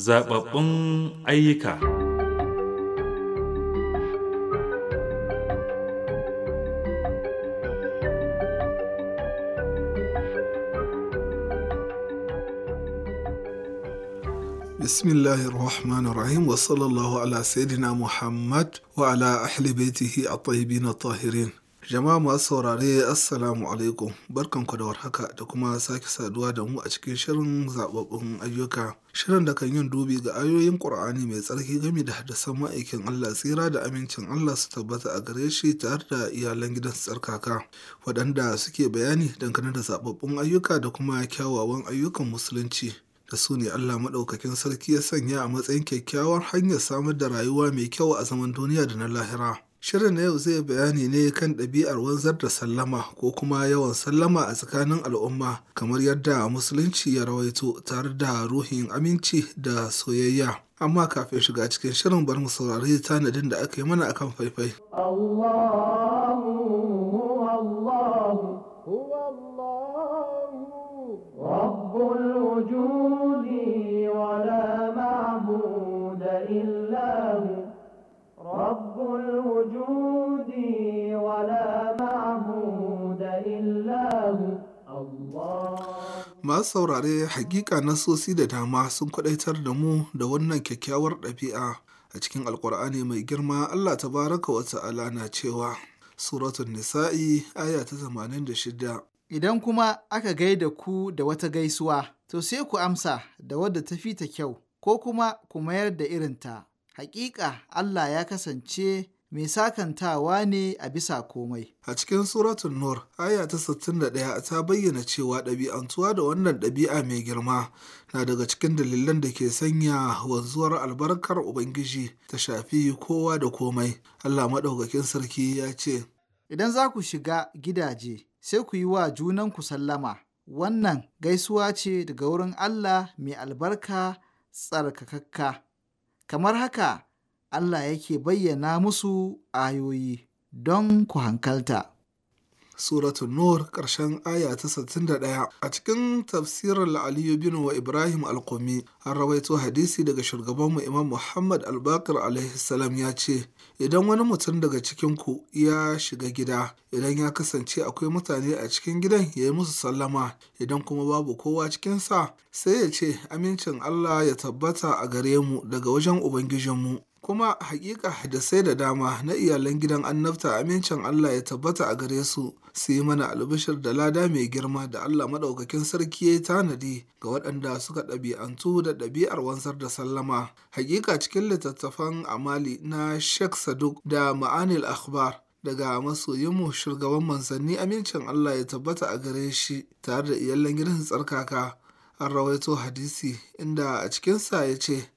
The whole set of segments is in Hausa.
zababbun ayyuka bismillahi rahmanir rahim wa sallallahu ala sayyidina muhammad wa ala ahli baitihi a tayyibin tahirin jama'a masu saurare assalamu alaikum barkanku da warhaka da kuma sake saduwa da mu a cikin shirin zababbun ayyuka shirin da kan yin dubi ga ayoyin qur'ani mai tsarki game da hadasan ma'aikin allah tsira da amincin allah su tabbata a gare shi tare da iyalan gidan tsarkaka waɗanda suke bayani dangane da zababbun ayyuka da kuma kyawawan ayyukan musulunci da su ne Allah maɗaukakin sarki ya sanya a matsayin kyakkyawar hanyar samar da rayuwa mai kyau a zaman duniya da na lahira. Shirin na yau zai bayani ne kan ɗabi'ar wanzar da sallama ko kuma yawan sallama a tsakanin al'umma kamar yadda musulunci ya rawaito tare da ruhin aminci da soyayya. Amma kafin shiga cikin shirin bar mu saurari tanadin da aka yi mana akan faifai. masu saurare hakika sosi da dama sun kwadaitar da mu da wannan kyakkyawar ɗabi'a a cikin alkur'ani mai girma allah ta baraka wata alana cewa suratun nisa'i aya ta 86 idan kuma aka gaida ku da wata gaisuwa to sai ku amsa da wadda ta fi ta kyau ko kuma ku mayar da irinta hakika allah ya kasance mai sakantawa ne a bisa komai. A cikin suratun Nur, aya ta sittin da ɗaya ta bayyana cewa ɗabi'antuwa da wannan ɗabi'a mai girma na daga cikin dalilan da ke sanya wanzuwar albarkar Ubangiji ta shafi kowa da komai. Allah maɗaukakin sarki ya ce, Idan za ku shiga gidaje, sai ku yi wa junan ku sallama. Wannan gaisuwa ce daga wurin Allah mai albarka tsarkakakka. Kamar haka, Allah yake bayyana musu ayoyi don ku hankalta. Suratu Nur ƙarshen aya ta da ɗaya. a cikin tafsirar Aliyu bin wa Ibrahim Alkumi an rawaito hadisi daga shugabanmu Imam Muhammad Albakar alaihi ya ce idan wani mutum daga cikinku ya shiga gida idan ya kasance akwai mutane a cikin gidan ya yi musu sallama idan kuma babu kowa cikinsa sai ya ce amincin Allah ya tabbata a gare mu daga wajen Ubangijinmu kuma hakika sai da dama na iyalan gidan annabta amincin Allah ya tabbata a gare su su yi mana albishir da lada mai girma da Allah maɗaukakin sarki ya tanadi ga waɗanda suka ɗabi'antu da ɗabi'ar wansar da sallama hakika cikin littattafan amali na Sheikh Saduk da Ma'anil Akhbar daga masoyinmu shugaban manzanni amincin Allah ya tabbata a gare shi tare da iyalan gidan tsarkaka an rawaito hadisi inda a cikinsa ya ce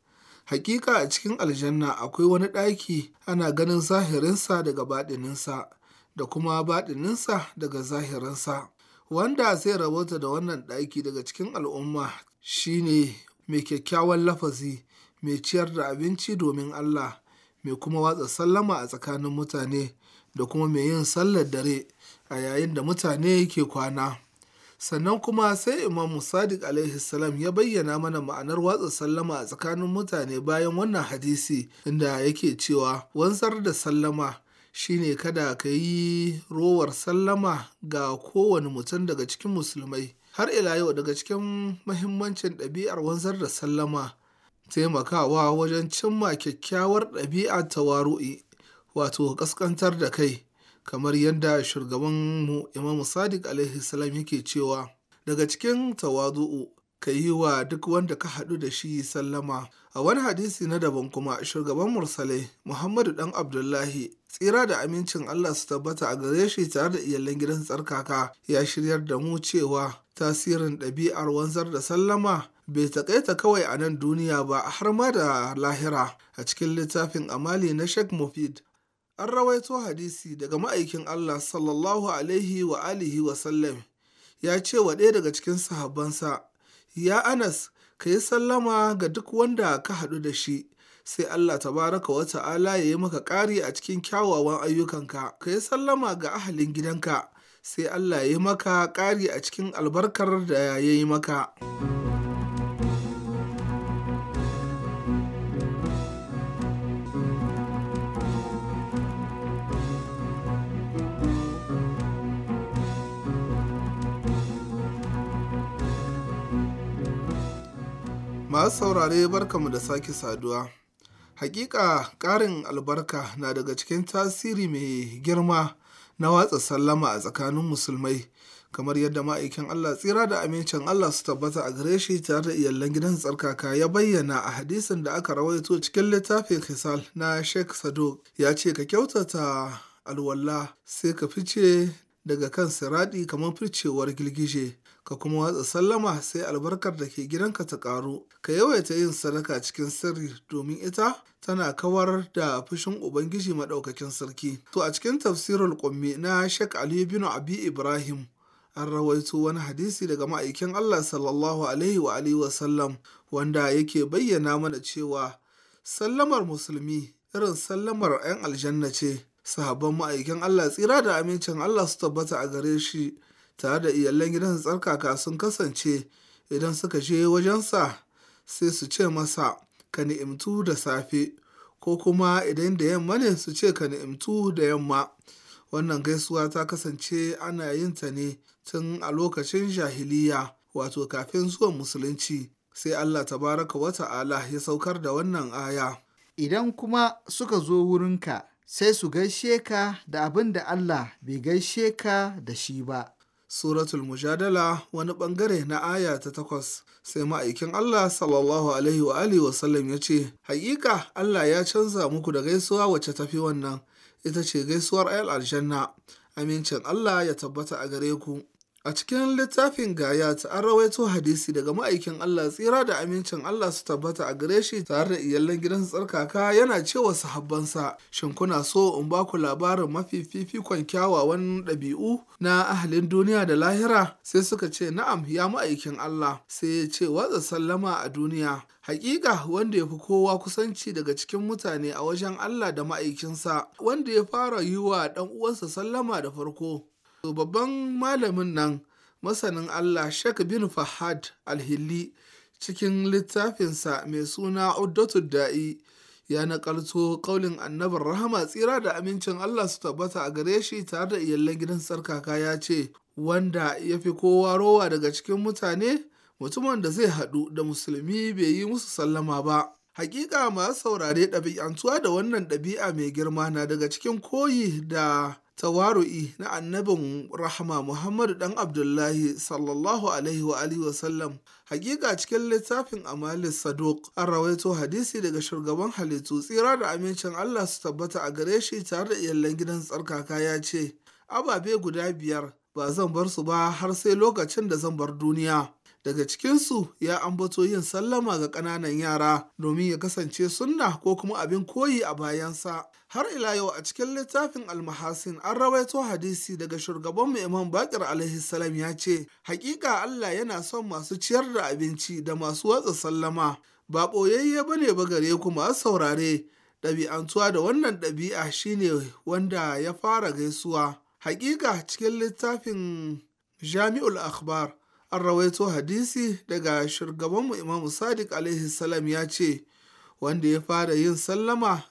Hakika a cikin aljanna akwai wani ɗaki ana ganin zahirinsa daga baɗininsa da kuma baɗininsa daga zahirinsa. Wanda zai rabauta da wannan ɗaki daga cikin al'umma shine mai kyakkyawan lafazi, mai ciyar da abinci domin Allah, mai kuma watsa sallama a tsakanin mutane da kuma mai yin sallar dare a yayin da mutane ke kwana. sannan kuma sai imamu sadiq alaihi ya bayyana mana ma'anar watsa sallama a tsakanin mutane bayan wannan hadisi inda yake cewa wanzar da sallama shine kada ka yi rowar sallama ga kowane mutum daga cikin musulmai har ila yau daga cikin mahimmancin ɗabi'ar wanzar da sallama taimakawa wajen cimma kyakkyawar ɗabi'ar tawaru'i wato ƙasƙantar da kai kamar yadda shugaban mu Imam Sadiq alaihi salam yake cewa daga cikin tawazu'u ka yi wa duk wanda ka haɗu da shi sallama a wani hadisi na daban kuma shugaban mursalai Muhammadu dan Abdullahi tsira da amincin Allah su tabbata a gare shi tare da iyalan gidan tsarkaka ya shiryar da mu cewa tasirin ɗabi'ar wanzar da sallama bai taƙaita kawai a nan duniya ba har ma da lahira a cikin littafin amali na Sheikh Mufid an rawaito hadisi daga ma'aikin Allah sallallahu alaihi wa alihi wa ya ce wa ɗaya daga cikin sahabbansa ya Anas ka yi sallama ga duk wanda ka haɗu da shi sai Allah tabaraka wa ta'ala ya yi maka ƙari a cikin kyawawan ayyukanka ka yi sallama ga ahalin gidanka sai Allah ya yi maka ƙari a cikin albarkar da ya yi maka. masu saurare barkamu da sake saduwa hakika ƙarin albarka na daga cikin tasiri mai girma na watsa sallama a tsakanin musulmai kamar yadda ma'aikin Allah tsira da amincin Allah su tabbata a gare shi tare da iyalan gidan tsarkaka ya bayyana a hadisin da aka rawaito cikin littafin Kisal na Sheikh Sadok ya ce ka kyautata alwala sai ka fice daga kan siradi kamar ficewar girgije ka kuma watsa sallama sai albarkar da ke gidanka ta ƙaru ka yawaita yin sadaka cikin sirri domin ita tana kawar da fushin ubangiji maɗaukakin sarki to a cikin tafsirul ƙummi na shek ali bin abi ibrahim an rawaito wani hadisi daga ma'aikin allah sallallahu alaihi wa alihi wa sallam wanda yake bayyana mana cewa sallamar musulmi irin sallamar 'yan aljanna ce sahabban ma'aikin allah tsira da amincin allah su tabbata a gare shi tare da iyalan gidan tsarkaka sun kasance idan suka je wajensa sai su ce masa ka ni'imtu da safe ko kuma idan da yamma ne su ce ka ni'imtu da yamma wannan gaisuwa ta kasance ana yin ta ne tun a lokacin jahiliya wato kafin zuwan musulunci sai Allah tabaraka wa ta'ala ya saukar da wannan aya idan kuma suka zo wurinka sai su gaishe ka da abin da Allah bai gaishe ka da shi ba suratul mujadala wani bangare na aya ta takwas sai ma'aikin Allah sallallahu alaihi wa alihi wasallam ya ce haƙiƙa Allah ya canza muku da gaisuwa wacce tafi wannan ita ce gaisuwar ayal aljanna amincin Allah ya tabbata a gare ku A cikin littafin ta an rawaito hadisi daga ma'aikin Allah tsira da amincin Allah su tabbata a gare shi tare da iyalan gidan tsarkaka yana cewa sahabbansa shin kuna so in ba ku labarin mafi fifikon kyawawan ɗabi'u na ahalin duniya da lahira sai suka ce na'am ya ma'aikin Allah sai ya ce watsa sallama a duniya hakika wanda ya fi kowa kusanci daga cikin mutane a wajen Allah da ma'aikinsa wanda ya fara yi wa ɗan uwansa sallama da farko babban malamin nan masanin Allah Sheikh bin Fahad Alhilli cikin littafinsa mai suna Uddatu Da'i ya nakalto kaulin annabar rahama tsira da amincin Allah su tabbata a gare shi tare da iyalan gidan sarkaka ya ce wanda ya fi kowa rowa daga cikin mutane mutumin da zai haɗu da musulmi bai yi musu sallama ba hakika masu saurare ɗabi'antuwa da wannan ɗabi'a mai girma na daga cikin koyi da tawaru'i na annabin rahama Muhammadu dan Abdullahi sallallahu alaihi wa alihi wasallam hakika cikin littafin Amalis saduk an rawaito hadisi daga shugaban halittu tsira da amincin Allah su tabbata a gare shi tare da iyalan gidan tsarkaka ya ce ababe guda biyar ba zan bar su ba har sai lokacin da zan bar duniya daga cikinsu ya ambato yin sallama ga ƙananan yara domin ya kasance sunna ko kuma abin koyi a bayansa har ila yau a cikin littafin almahasin an rawaito hadisi daga shugabanmu imam bakir alaihi salam ya ce hakika allah yana son masu ciyar da abinci da masu watsa sallama ba ɓoyayye ba ne ba gare ku masu saurare ɗabi'antuwa da wannan ɗabi'a shine wanda ya fara gaisuwa hakika cikin littafin jami'ul akhbar an rawaito hadisi daga shugabanmu imamu sadiq alaihi salam ya ce wanda ya fara yin sallama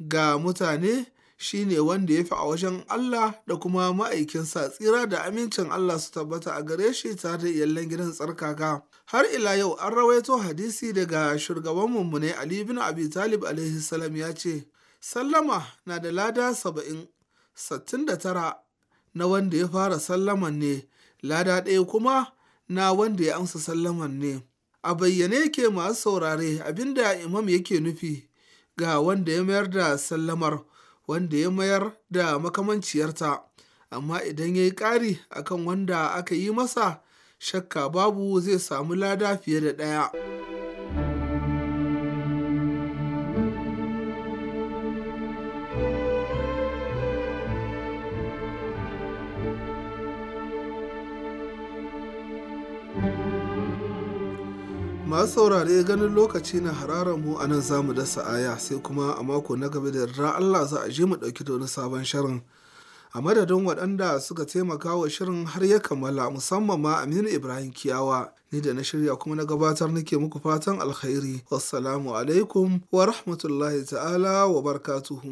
ga mutane shine wanda ya fi a wajen Allah da kuma ma'aikinsa tsira da amincin Allah su tabbata a gare shi tare da iyalan gidan tsarkaka har ila yau an rawaito hadisi daga shugaban mune Ali bin Abi Talib alaihi salam ya ce sallama na da lada saba'in sattin da tara na wanda ya fara sallaman ne lada ɗaya kuma na wanda ya amsa sallaman ne a bayyane yake masu saurare abinda imam yake nufi ga wanda ya mayar da sallamar wanda ya mayar da makamanciyarta amma idan ya yi ƙari akan wanda aka yi masa shakka babu zai samu lada fiye da ɗaya. masu saurare ganin lokaci na hararar mu a nan zamu dasa aya sai kuma a mako na gaba da ra Allah za a je mu ɗauki da wani sabon shirin a madadin waɗanda suka taimaka wa shirin har ya kammala musamman ma aminu ibrahim kiyawa ni da na shirya kuma na gabatar nake muku fatan alkhairi wassalamu alaikum wa rahmatullahi ta'ala wa barkatuhu